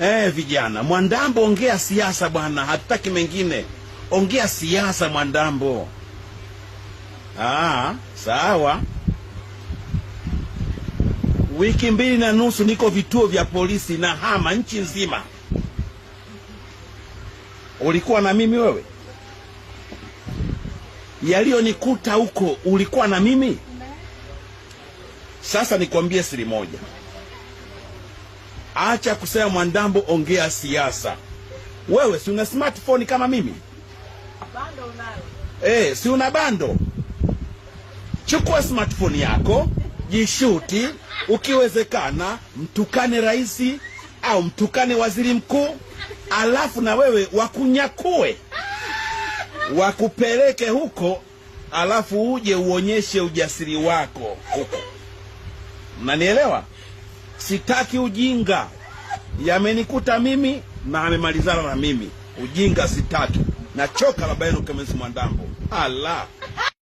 Eh, vijana Mwandambo, ongea siasa bwana, hatutaki mengine, ongea siasa Mwandambo. Aa, ah, sawa. Wiki mbili na nusu niko vituo vya polisi na hama nchi nzima. Ulikuwa na mimi wewe? Yaliyonikuta huko ulikuwa na mimi? Sasa nikwambie siri moja acha kusema Mwandambo, ongea siasa. Wewe si una smartphone kama mimi? Bando unayo. E, si una bando? Chukua smartphone yako, jishuti, ukiwezekana mtukane rais au mtukane waziri mkuu, alafu na wewe wakunyakue wakupeleke huko, alafu uje uonyeshe ujasiri wako huko. Mnanielewa? sitaki ujinga. Yamenikuta mimi na amemalizana na mimi, ujinga sitaki. Nachoka baba yenu Kemesi Mwandambo. ala